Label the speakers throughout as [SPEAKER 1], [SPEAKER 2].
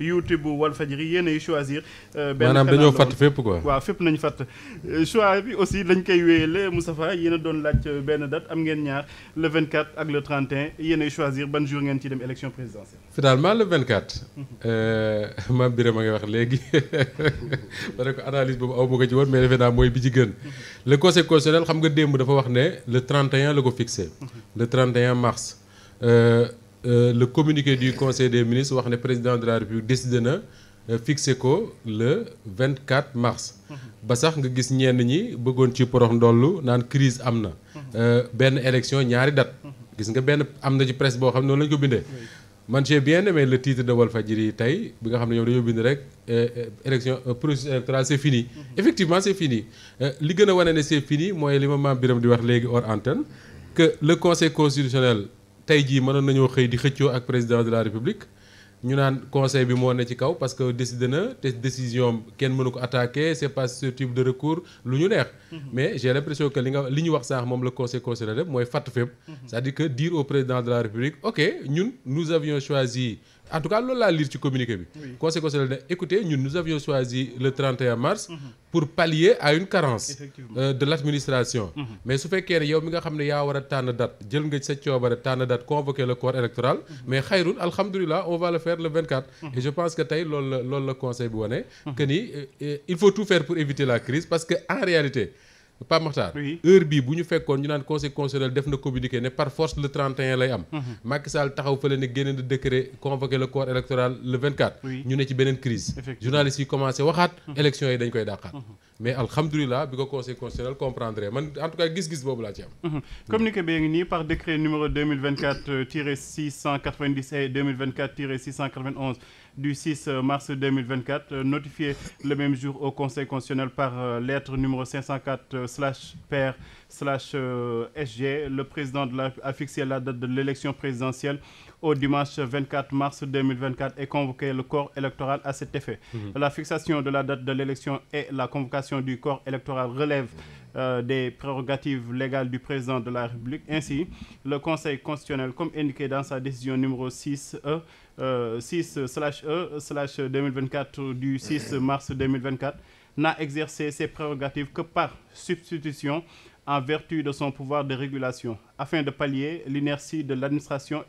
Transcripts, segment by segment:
[SPEAKER 1] YouTube bu Walfadjri yéenay choisir. Euh, benn maanaam dañoo fàtt fépp quoi. waaw fépp nañu fàtt euh, choix bi aussi lañ koy wéyale Moustapha yéen a doon laaj euh, benn date am ngeen ñaar le 24 ak le 31 yéenay choisir ban jour ngeen ci dem élection présidentielle.
[SPEAKER 2] finalement le 24. maam Birame a ngi wax léegi ma ne ko analyse boobu aw ma ko ci woon mais defe naa mooy bi ci gën. le conseil constitutionnel xam nga démb dafa wax ne le 31 la ko fixé. Mhm. le 31 mars. Euh, Euh, le communiqué du conseil des ministre wax ne président de la république décidé na euh, fixé ko le 24 mars. ba sax nga gis ñenn ñi bëggoon ci porox ndollu naan crise am na. Euh, benn élection ñaari date gis nga benn am na ci presse boo xam ne noonu la ñu ko bindee. man j'ai bien aimé le titre de Walfadjri tey bi nga xam ne ñoom dañoo bind rek élection processus électoral c'est fini. effectivement c'est fini li gën a wane ne c'est fini mooy li ma maam Birame di wax léegi or antenne le conseil constitutionnel. tey jii mënoon nañoo xëy di xëccoo ak président de la république ñu naan conseil bi moo ne ci kaw parce que décidé na te décision kenn mënu ko attaqué c'est pas susceptible de recours lu ñu neex mais j'ai l'impression que li nga li ñu wax sànq moom la conseil constitutionnel def mooy fàtt fépp cest dire que dire au président de la république ok ñun nous avions choisi en tout cas loolu ci communiqué bi conseil constitutionnel ne écoutez mars mhm. pour pallier à une carence euh, de l'administration mhm. mais su fekkee ne yow mi nga xam ne yaa war a tànn date jël nga sa coobare tànn date convoqué le corps électoral mhm. mais xayrul alhamdulilah on va la euh, euh, faire la crise parce que en réalité Pape Makhtar heure bii bu ñu fekkoon ñu naan conseil constitutionnel def na communiqué ne par force le 31 lay am. Mhm. Macky Sall taxaw fële ne na décret convoqué le corps électoral le 24. ñu ne ci beneen crise journalistes yi commencé waxaat. Mhm. élections yi dañ koy dàqaat. Mhm. mais alhamdulilah bi ko conseil constitutionnel comprendre man en tout cas gis-gis boobu laa ci am. Mhm. communiqué bee ngi nii par décret numéro
[SPEAKER 1] 2024 tiré 690 et 2024 tiré 691 du 6 euh, mars 2024 euh, notifié le même jour au conseil constitutionnel par euh, lettre numéro 504 slash PR slash SG le président de la a fixé la date de l'élection présidentielle. au dimanche 24 mars 2024 et convoquer le corps électoral à cet effet. Mhm. de la date de l'élection et euh, président de la République. Ainsi, le Conseil constitutionnel, comme indiqué dans sa décision numéro 6E, euh, 6/E/2024 2024 du 6 mars 2024, n'a exercé ses prérogatives que par substitution en vertu de son pouvoir de régulation, afin de pallier l'inertie de l'administration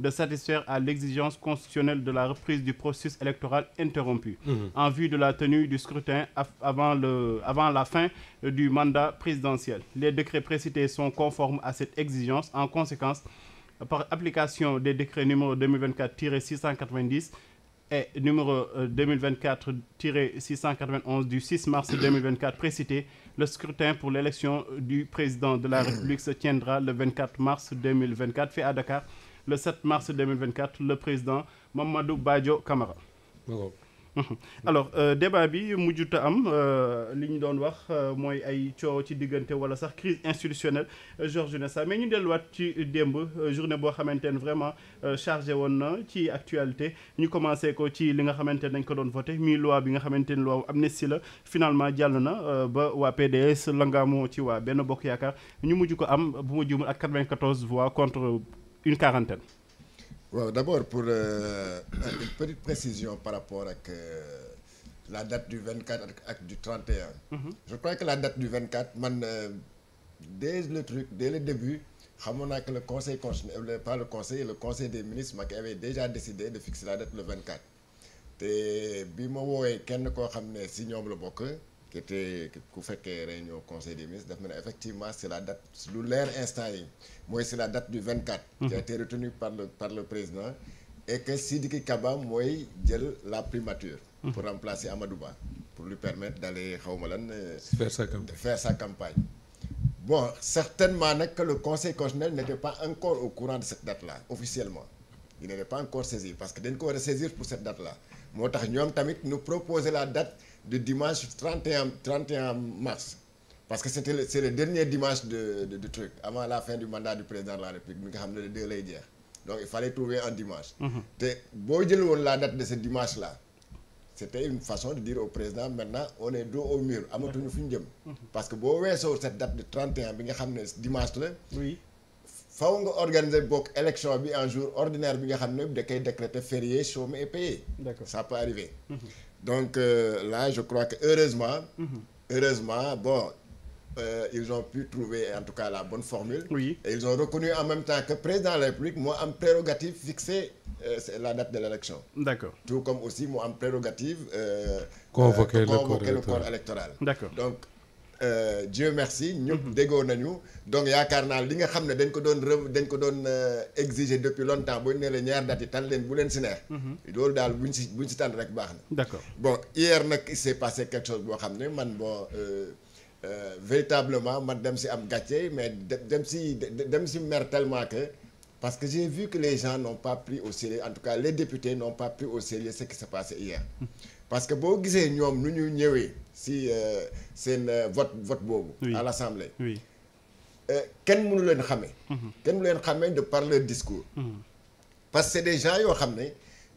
[SPEAKER 1] de satisfaire à l'exigence constitutionnelle de la reprise du processus électoral interrompu mmh. en vue de la tenue du scrutin avant le, avant la fin euh, du mandat présidentiel. Les décrets précités sont conformes à cette exigence. En conséquence, par application des décrets numéro 2024-690 et numéro 2024-691 euh, du 6 mars 2024 précité, le scrutin pour l'élection du président de la République se tiendra le 24 mars 2024 fait à le 7 mars 2024 le président Mamadou Badio Camara. alors euh, débat bi mujjut a am euh, li ñu doon wax euh, mooy ay coow ci diggante wala sax crise institutionnelle Georges Nessa mais ñu delluwaat ci démb journée boo xamante ne vraiment chargé woon na ci actualité ñu commencé ko ci li nga xamante ne dañ ko doon voté mi loi bi nga xamante ne loi amnistie la finalement jàll na ba waa PDS langaamoo ci waa benn bokk yaakaar ñu mujj ko am bu ma juumul ak 94 voix contre une quarantaine
[SPEAKER 3] waaw d'abord pour euh, une petite précision par rapport ak euh, la date du 24 ak ak du 31 mm -hmm. je crois que la date du 24 man euh, dès le truc dès le début xamoon naa que le conseil constitutionnel euh, pas le conseil le conseil des ministres Macky avait déjà décidé de fixer la date le 24 te bi ma woowee kenn koo xam ne si ñoom la bokk qui était ku fekkee réunion conseil des ministres daf ne effectivement c'est la date lu leer instant yi mooy c'est la date du 24. Mhm. qui a été retenue par le par le président. et que Sidiki Kaba mooy jël la primature. Mhm. pour remplacer Amadou Ba pour lu permettre d'aller xaw ma lan. Euh, faire sa campagne faire sa campagne. bon certainement nag que le conseil constitutionnel n'était pas encore au courant de cette date-là officiellement. il n'était pas encore saisi parce que dañ ko war a saisir cette date-là moo tax ñoom tamit nous proposer la date. de dimanche 31 31 mars parce que c'était le c'est le dernier dimanche de de, de truc avant la fin du mandat du président de la République bi nga xam ne le lay jeex donc il fallait trouver un dimanche mm-hmm. te boo jël woon la date de ce dimanche là c'était une façon de dire au président maintenant on est dos au mur amatuñu fu ñu jëm mm-hmm. parce que boo weesoo cette date de 31 bi nga xam ne dimanche la oui nga organiser bokk élection bi un jour ordinaire bi nga xam ne d koy décréter férié chômé et payé ça peut donc euh, là je crois que heureusement mm -hmm. heureusement bon euh, ils ont pu trouver en tout cas la bonne formule oui. et ils ont reconnu en même temps que président de la République moo am prérogative fixée euh, c'est la date de l'élection d'accord tout comme aussi moo am prérogative euh,
[SPEAKER 2] convoquer euh, le corps électoral
[SPEAKER 3] Euh, Dieu merci ñëpp mhm. déggoo nañu donc yaakaar naa li nga xam ne dañ ko doon re dañ ko doon euh, exiger depuis longtemps boo nee la ñaar date yi leen bu leen si neex. Mhm. loolu daal buñ si buñ si tànn rek baax na. d'accord bon hier na il s'est passé quelque chose boo xam ne man boo euh, véritablement man dem si am gàcce mais dem si dem si mer tellement que parce que j'ai vu que les gens n'ont pas pris au sérieux en tout cas les députés n'ont pas pris au sérieux ce qui s'est passé hier mhm. parce que boo gisee ñoom nu ñu ñëwee si euh, seen euh, vote vote boobu. à l' assemblée. oui euh, kenn munu leen xamee. Mhm. kenn mënu leen xamee de par leur discours. Mhm. parce que c' des gens yoo xam ne.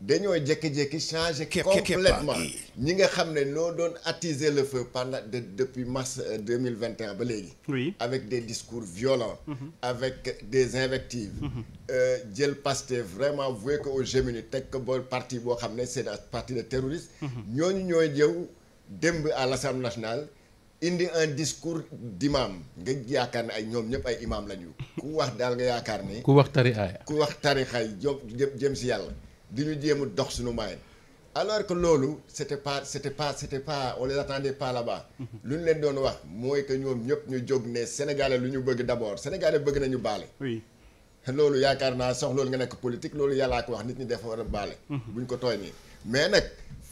[SPEAKER 3] dañoo jékki-jékki changé complètement ñi nga xam ne noo doon attiser le feu pendant de depuis mars euh, mille vingt et ba léegi oui avec des discours violents mm avec des invectives mm-hmm. euh, jël Pastef vraiment voué ko au Gémini teg ko ba parti boo xam ne c'est un parti de terroriste mm-hmm. ñooñu ñooy jëw démb à l'Assemblée nationale indi un discours d'imam nga yaakaar ne ay ñoom ñëpp ay imam lañu ku wax daal nga yaakaar ne ku wax tari aaya ku wax tarixa yi jëm jëm si yàlla di ñu jéem a dox suñu moyen alors que loolu c'était pas c'était pas c'était pas on les attendait mhm. ñu leen doon wax mooy que ñoom ñëpp ñu jóg ne sénégalais lu ñu bëgg d'abord sénégalais bëgg nañu baale. oui loolu yaakaar naa sax loolu nga nekk politique loolu yàllaa ko wax nit ñi dafa war a baale. Mhm. buñ ko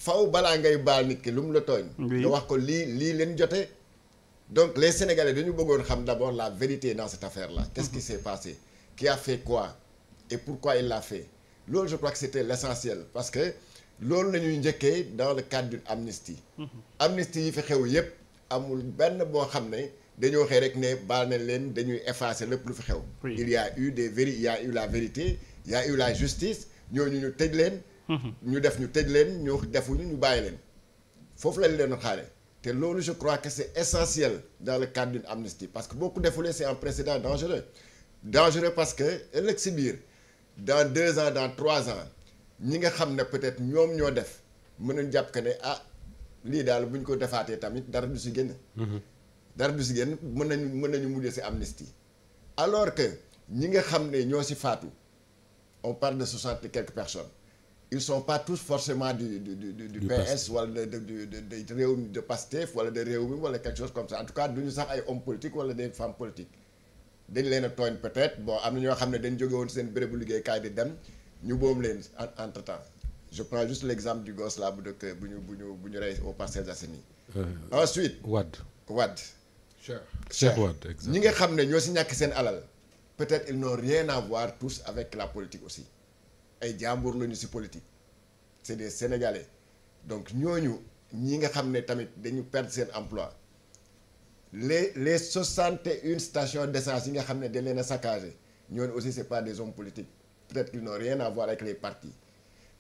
[SPEAKER 3] faw balaa ngay baal nit ki lu mu la tooñ. nga wax ko lii lii leen jotee. donc les sénégalais dañu bëggoon xam d'abord la vérité dans cette affaire-là. qu'est-ce mhm. qui s'est qui a fait quoi et pourquoi il l'a fait. loolu je crois que c'était l'essentiel parce que loolu la ñuy njëkkee dans le cadre d'une amnistie mhm. amnistie yi fi xew yëpp amul benn boo xam ne dañoo xëy rek ne baal na leen dañuy effacer lépp lu fi xew il y a eu des veri il y a eu la vérité il y a eu la justice ñooñu ñu tëj leen mhm. ñu def ñu tëj leen ñu defu ñu bàyyi leen foofu lañ leen xaare te loolu je crois que c'est essentiel dans le cadre d'une amnistie parce que boo ko defulee c'est un précédent dangereux dangereux parce que ëllëg si biir dans deux ans dans trois ans ñi nga xam ne peut-être ñoom ñoo def mën mënuñ jàpp que ne ah lii daal buñ ko defaatee tamit dara du si génn. Mm-hmm. dara du si génn mën nañu mën nañu mujj si amnistie alors que ñi nga xam ne ñoo si faatu on parle de soixante et quelques personnes ils sont pas tous forcément du du du PS wala de du de réew mi de Pastef wala de réew mi wala quelque chose comme ça en tout cas duñu sax ay hommes politiques wala des femmes politiques. dañ leen a tooñ peut-être bon am na ñoo xam ne dañ jóge woon seen bérébu liggéeykaay di dem ñu boom leen entre temps je prends juste l'exemple du gosse là bu dëkk bu ñu bu ñu bu ñu rey au Parcelles Assainies euh, ensuite Wade Wade Cheikh
[SPEAKER 2] Cheikh Wade
[SPEAKER 3] ñi nga xam ne ñoo si ñàkk seen alal peut-être ils n'ont rien à voir tous avec la politique aussi ay jàmbur lañu si politique c'est des Sénégalais donc ñooñu ñi nga xam ne tamit dañu perdre seen emploi les les soixante et une stations d'essence yi nga xam ne dañ leen a saccagé ñooñu aussi c'est pas des hommes politiques peut-être qu'ils n'ont rien à avec les partis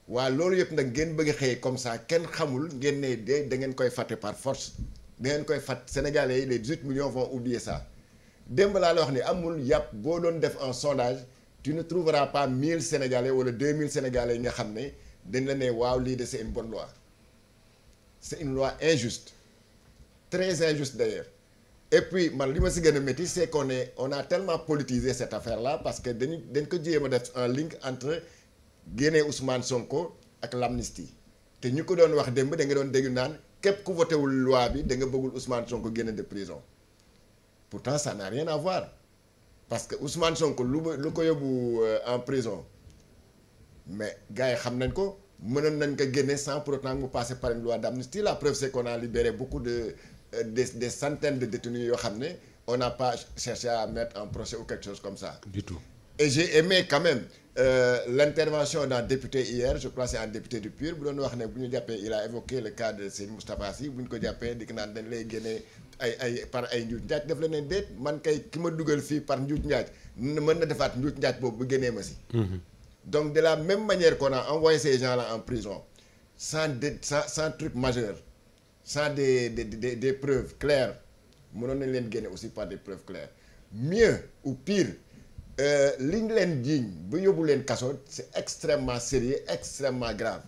[SPEAKER 3] waa loolu yëpp nag ngeen bëgg xëyee comme ça kenn xamul ngeen ne de da ngeen koy fatte par force da ngeen koy fàtte Sénégalais yi les 18 millions vont oublier sax démb laa la wax ni amul yàpp boo doon def un sondage tu ne trouveras pas mille Sénégalais wala deux mille Sénégalais yi nga xam ne dañ la ne waaw lii de c'est une bonne loi c'est une loi injuste très injuste d'ailleurs et puis man li ma si gën a métti c'est qu'on est on a tellement politisé cette affaire là parce que dañu dañ ko jéem a def un link entre génne Ousmane Sonko ak l'amnistie te ñu ko doon wax démb da nga doon dégg naan képp ku votewul loi bi danga nga bëggul Ousmane Sonko génne de prison pourtant ça n'a rien à voir parce que Ousmane Sonko lu lu ko yóbbu euh, en prison mais gars yi xam nañ ko mënoon nañ ko génne sans pour autant mu passer par une loi d'amnistie la preuve c'est qu'on a Euh, des des centaines de détenus yoo xam ne on n'a pas cherché à mettre en procès ou quelque chose comme ça. du tout et j'ai aimé quand même euh, l'intervention d'un député hier je crois c'est un député du PUR bu doon wax ne bu ñu jàppee il a évoqué le cas de Serigne Moustapha bu ñu ko jàppee di naan dañ lay génnee ay ay par ay njuuj njaaj daf la ne déet man kay ki ma dugal fii par njuuj njaaj mën na defaat njuuj njaaj boobu bu génnee ma si. Mm-hmm. donc de la même manière qu'on a envoyé ces gens-là en prison sans dé sans sans truc majeur. sans des des des, des preuves claires mënoon nañ leen génne aussi par des preuves claires mieux ou pire euh, li ñu leen jiiñ ba yóbbu leen kaso c'est extrêmement sérieux extrêmement grave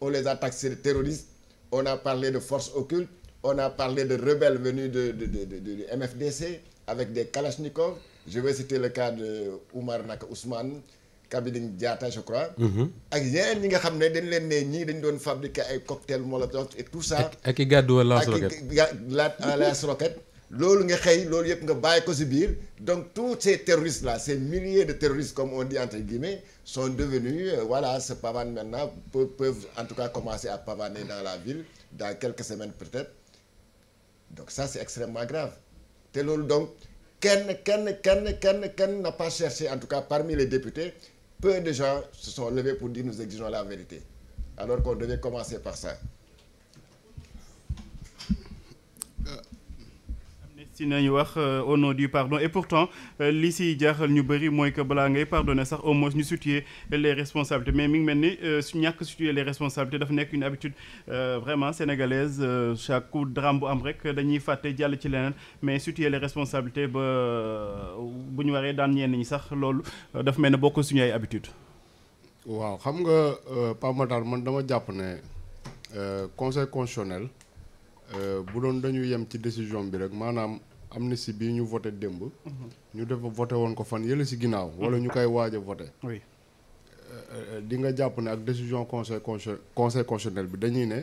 [SPEAKER 3] on les a taxés de terroristes on a parlé de force occultes on a parlé de rebelles venus de de de du MFDC avec des kalachnikovs je vais citer le cas de nak Naka Kabiline Diatta je crois. Mhm. ak yeneen ñi nga xam ne dañ leen ne ñii dañ doon fabriquer ay cocktail molotov et tout ça. ak
[SPEAKER 2] ak i gàddu wala lance roquette
[SPEAKER 3] ak lance roquette. loolu nga xëy loolu yëpp nga bàyyi ko si biir donc tous ces terroristes là ces milliers de terroristes comme on dit entre guillemets sont devenus euh, voilà se pavanent maintenant peu, peuvent en tout cas commencer à pavaner dans la ville dans quelques semaines peut-être donc ça c'est extrêmement grave te loolu donc kenn kenn kenn kenn kenn n'a pas cherché en tout cas parmi les députés peu de gens se sont levés pour dire nous exigeons la vérité alors qu'on devait commencer par ça
[SPEAKER 1] si nañu wax euh, au nom du pardon et pourtant euh, li si jaaxal ñu bëri mooy que balaa ngay pardonner sax au moins ñu situer les responsabilités mais mi ngi mel ni euh, su ñàkk situer les responsabilités dafa nekk une habitude vraiment sénégalaise chaque coup drame bu am rek dañuy fàtte jàll ci leneen mais situer les responsabilités ba bu ñu waree daan ñenn ñi sax loolu dafa mel ni bokk suñu ay habitude waaw xam nga Pape Matar man dama jàpp ne
[SPEAKER 4] conseil constitutionnel bu doon dañu yem ci décision bi rek maanaam am si bii ñu voté démb. Mhm. ñu def voté woon ko fan yële si ginnaaw. wala ñu mhm. koy waaj a voté. Euh, euh, di nga jàpp ne ak décision conseil conseil constitutionnel bi dañuy ne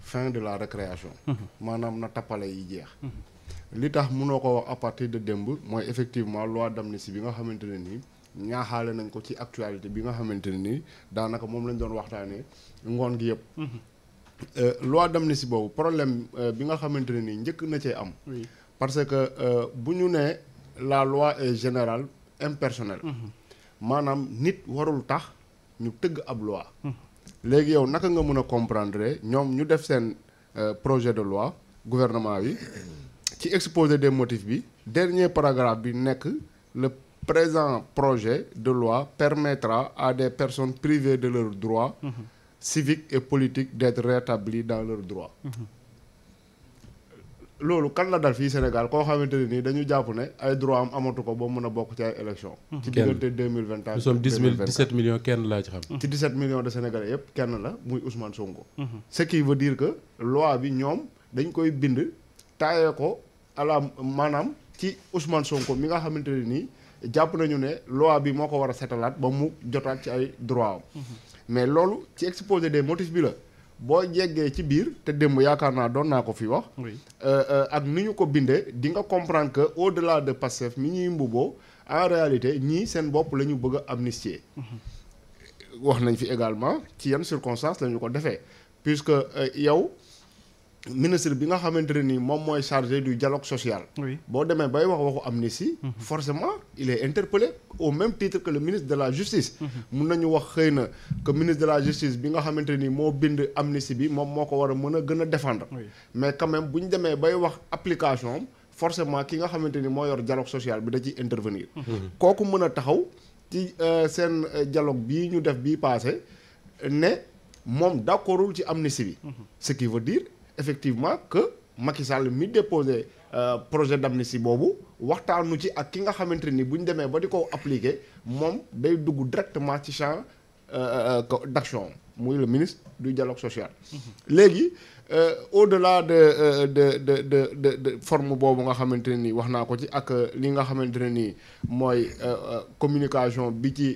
[SPEAKER 4] fin de la récréation. Mhm. maanaam na tappale yi jeex. li tax mënoo ko wax à partir de démb mooy effectivement loi d'amnistie bi nga xamante ne nii. ñaaxaale nañ ko ci actualité bi nga xamante ne nii daanaka moom lañ doon waxtaanee ngoon gi yëpp. Euh, loi d'amnistie boobu problème bi nga xamante ne nii njëkk na cee am. parce que euh, bu ñu nee la loi es générale impersonnelle. Mhm. maanaam nit warul tax ñu tëgg ab loi. Mhm. léegi yow naka nga mën a comprendre ñoom ñu def seen euh, projet de loi gouvernement bi ci exposé des motifs bi dernier paragraphe bi nekk le présent projet de loi permettra à des personnes privées de leurs droits mhm. civiques et politiques d'être rétablies dans leurs droits. loolu kan la dal fii Sénégal koo xamante ne nii dañu jàpp ne ay droit am amatu ko ba mën a bokk ci ay élection hmm. ci diggante 2021 nous sommes 10
[SPEAKER 2] 17 millions kenn laa ci xam
[SPEAKER 4] ci de Sénégalais yëpp kenn la muy Ousmane Sonko hmm. ce qui veut dire que bi ñoom dañ koy bind taayee ko ala maanaam ci Ousmane Sonko mi nga xamante ne nii jàpp nañu ne loi bi moo ko war a setalaat ba mu jotaat ci ay droit am hmm. mais loolu ci exposé de motifs bi la boo yeggee ci biir te démb yaakaar naa doon naa ko fi wax. Euh, euh, ak ni ñu ko bindee di nga comprendre que au delà de Pastef mi ñuy mbuboo en réalité ñii seen bopp la ñu bëgg a amnistier. Mhm. wax nañ fi également ci yan circonstances la ñu ko defee puisque euh, yow. ministre bi nga xamante ne ni moom mooy chargé du dialogue social. boo demee bay wax waxu amnistie. Mhm. forcément il est interpellé au même titre que le ministre de la justice. Mhm. mun nañu wax xëy na que ministre de la justice bi nga xamante ni moo bind amnistie bi moom moo ko war a mën a gën a défendre. mais quand même bu ñu demee bay wax application am ki nga xamante ni moo yor dialogue social bi da ci intervenir. Mhm. kooku mën a taxaw ci euh, seen euh, dialogue bii ñu def bii passé ne moom d'accordul ci amnistie bi. ce qui veut effectivement que Macky Sall mi déposé euh, projet d'amnistie boobu waxtaanu ci ak ki nga xamante ni bu ñu demee ba di ko appliquer moom day dugg directement ci champ euh, euh, d'action muy le ministre du dialogue social. Mm-hmm. léegi au-delà de de de de de de forme boobu nga xamante ne nii wax naa ko ci ak li nga xamante ne nii mooy communication bi ci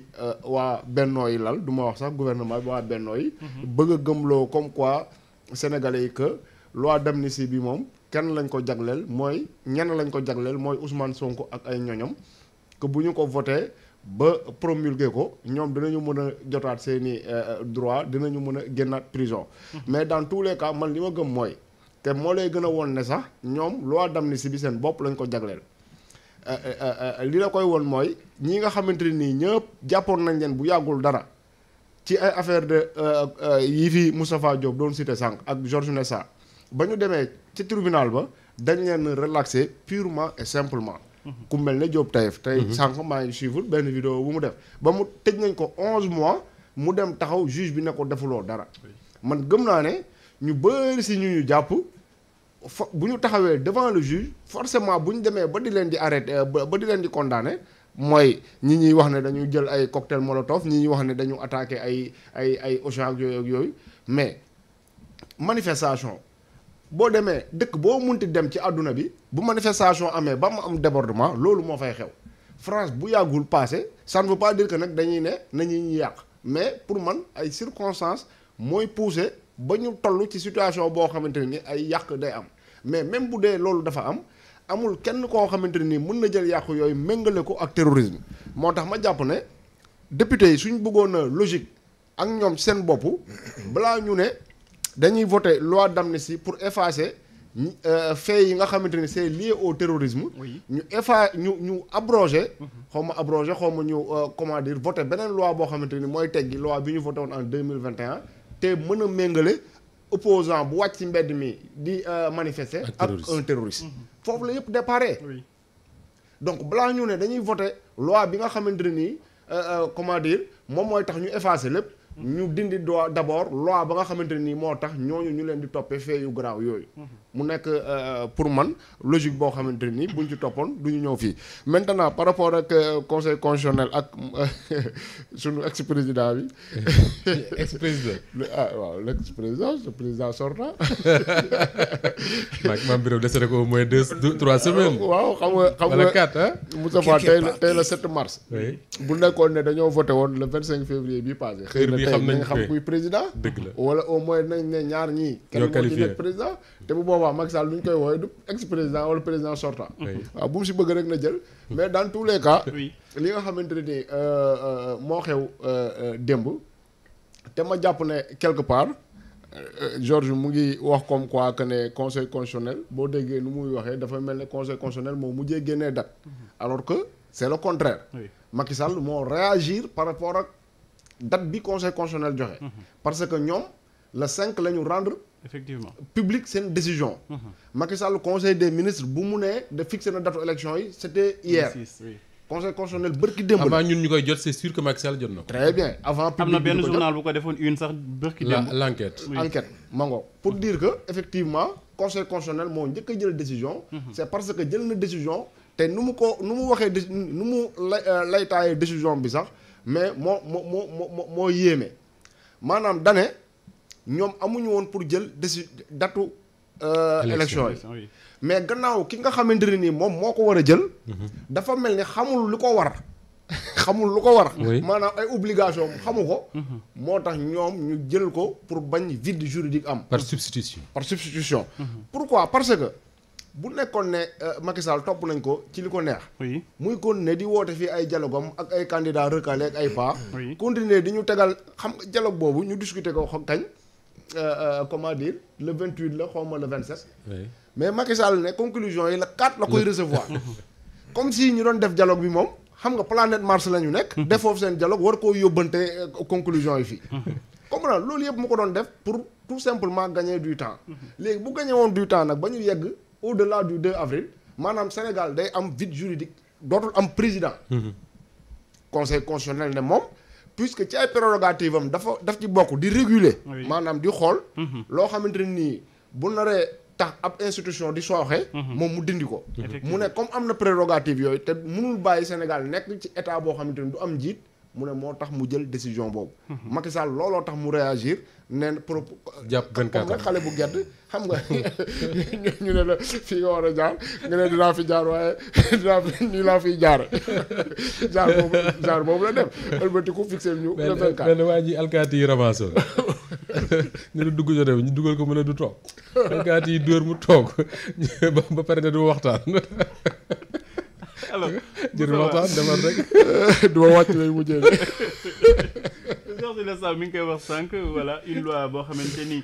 [SPEAKER 4] waa bennoo yi lal du ma wax sax gouvernement bi waa bennoo mm-hmm. bëgg gëmloo comme quoi. sénégalais yi que loi d'amnistie bi moom kenn lañ ko jagleel mooy ñenn lañ ko jagleel mooy Ousmane Sonko ak ay ñoñom que bu ñu ko voté ba promulgué ko ñoom dinañu mën a jotaat seeni euh, euh, droit dinañu mën a génnaat prison hmm. mais dans tous les cas man li ma gëm mooy te moo lay gëna woon ne sax ñoom loi d'amnistie bi seen bopp lañ ko jagleel euh, li la koy woon mooy ñii nga xamante nii ñëpp jàppoon nañ leen bu yàggul dara ci ay affaire de euh, euh, yii fi Moustapha Diop doon cité sànq ak Georges Nessa ba ñu demee ci tribunal ba dañ leen relaxé purement et simplement. Mhm. ku mel ne Diop Taïf. tey mhm. sànq maa ngi benn vidéo bu mu def ba mu tëj nañ ko 11 mois mu dem taxaw juge bi ne ko defuloo dara. man gëm naa ne ñu bëri si ñu ñu jàpp fo bu ñu taxawee devant le juge forcément bu ñu demee ba di leen di arrêté ba di leen di condamné mooy ñi ñuy wax ne dañu jël ay cocktail molotov ñi ñuy wax ne dañu attaqué ay ay ay Auchan ak yooyu mais manifestation boo demee dëkk boo munti dem ci àdduna bi bu manifestation amee ba mu am débordement loolu moo fay xew France bu yàggul passé ça pas dire que nag dañuy ne nañu ñu yàq mais pour man ay circonstances mooy poussé ba ñu toll ci situation boo xamante ni ay yàq day am mais même bu dee loolu dafa am amul kenn koo xamante nii mën na jël yàqu yooyu méngale ko ak terrorisme moo tax ma jàpp ne député yi suñ bëggoon a logique ak ñoom seen bopp balaa ñu ne dañuy voter loi si pour effacer euh, faits yi nga xamante ni c'est lié au terrorisme ñu effa ñu ñu abrogé xaw ma abrogé xaw ma ñu euh, comment dire voter beneen loi boo xamante ni mooy teggi loi bi ñu voté woon en 2021 te mën a méngale opposant bu wàcc ci mbedd mi di euh, manifester ak un terroriste mm-hmm. foofu la yëpp déparé donc balaa ñu ne dañuy voté loi bi nga xamante ne nii euh, euh, comment dire moom mooy tax ñu effacer lépp mm-hmm. ñu dindi doo d'abord loi ba nga xamante ne nii moo tax ñooñu ñu leen di toppee fee yu yooyu mm-hmm. mu nekk euh, pour man logique boo xamante nii buñ ci toppoon du ñu ñëw fii maintenant par rapport ak euh, conseil constitutionnel ak suñu ex président bi. ex président. ah waaw l' ex président le président sortant.
[SPEAKER 2] maak maam Birame dese na ko au moins deux trois semaines. waaw xam nga xam mu wala quatre ah. Moustapha tey la tey la 7 mars.
[SPEAKER 4] bu nekkoon ne dañoo voté woon le 25 février bii passé. xëy na tey nga xam kuy président. dëgg la wala au moins nañ ne ñaar ñii. kenn moo ci nekk président te bu boobaa. wax Macky Sall nu ñu koy woowee du ex président wala président sortant. waaw bu mu si bëgg rek na jël. mais dans tous les cas. li nga xamante ne ni euh, euh, moo xew euh, démb. te ma jàpp ne quelque part. Georges mu ngi wax comme quoi que ne conseil constitutionnel boo déggee nu muy waxee dafa mel ne conseil constitutionnel moo mujjee génnee dat alors que c' est le contraire. oui Sall moo réagir par rapport ak date bi conseil constitutionnel joxe. Mhm. parce que ñoom le 5 la rendre. effectivement public seen décision. Uh-huh. Macky Sall conseil des ministre bu mu nee de fixer na date élection yi c'était hier. conseil constitutionnel bërki démb avant
[SPEAKER 2] ñun ñu koy jot c'est sûr que Macky jot na ko. très bien avant.
[SPEAKER 1] public am na journal
[SPEAKER 4] bu ko defoon une sax bërki
[SPEAKER 2] démb. l'enquête enquête
[SPEAKER 4] mango pour mm-hmm. dire que effectivement conseil constitutionnel moo njëkk jël décision. Mm-hmm. c'est parce que jël na décision. te nu mu ko nu mu waxee déci nu mu lay euh, laytaayee décision bi sax mais moo moo moo moo moo yéeme maanaam ñoom amuñu woon pour jël déci datu. Euh, élection yi mais gannaaw ki nga xamante ne nii moom moo ko war a jël. Mhm. dafa mel ni xamul lu ko war. xamul lu ko war. maanaam ay obligation xamu ko. Mhm. moo tax ñoom ñu jël ko pour bañ vide juridique am.
[SPEAKER 2] par substitution.
[SPEAKER 4] par substitution. Mhm. pourquoi parce que bu nekkoon ne euh, Macky Sall topp nañ ko ci li ko neex. muy ne di woote fii ay dialogue ak ay candidats recalés ak ay pas. continuer di ñu tegal xam nga boobu ñu discuter ko kañ. Euh, euh, comment dire le 28 la ma le 27. oui mais Macky Sall ne conclusion yi la 4 la koy recevoir. comme si ñu doon def dialogue bi moom xam nga planète Mars la ñu nekk. def foofu seen dialogue war koo yóbbante euh, conclusion yi fii. comprendre loolu yëpp mu ko doon def pour tout simplement gagner du temps. léegi bu gagné woon du temps nag ba ñu yegg au delà du 2 avril maanaam Sénégal day am vide juridique dootul am président. conseil constitutionnel ne moom. puisque ci ay prérogative am dafa daf ci bokk di réguler. maanaam di xool. Mhm. loo xamante ne nii bu naree tax ab institution di sooxee mhm. moom mu dindi ko. mu ne comme am na prérogative yooyu te mënul bàyyi Sénégal nekk ci état boo xamante ni du am njiit. mu ne moo tax mu jël décision boobu. Macky looloo tax mu réagir neen pro.
[SPEAKER 2] jàpp 24 nag xale
[SPEAKER 4] bu gedd xam nga ñu ne la fii nga war a jaar nga ne dinaa fi jaar waaye dinaa fi nii laa jaar boobu la dem ëlbatiku fixé ñu. le 24
[SPEAKER 2] benn waa ji alkaati yi ramasoo ñu ne dugg jotee ñu dugal ko mu ne du toog alkaati yi dóor mu toog ba pare ne du waxtaan. jërëjëf waxtaan ah, demal rek du ma wàcc lay mujjee. Cheikh
[SPEAKER 1] Sida Samb mi ngi koy wax sànq voilà une loi boo xamante ni.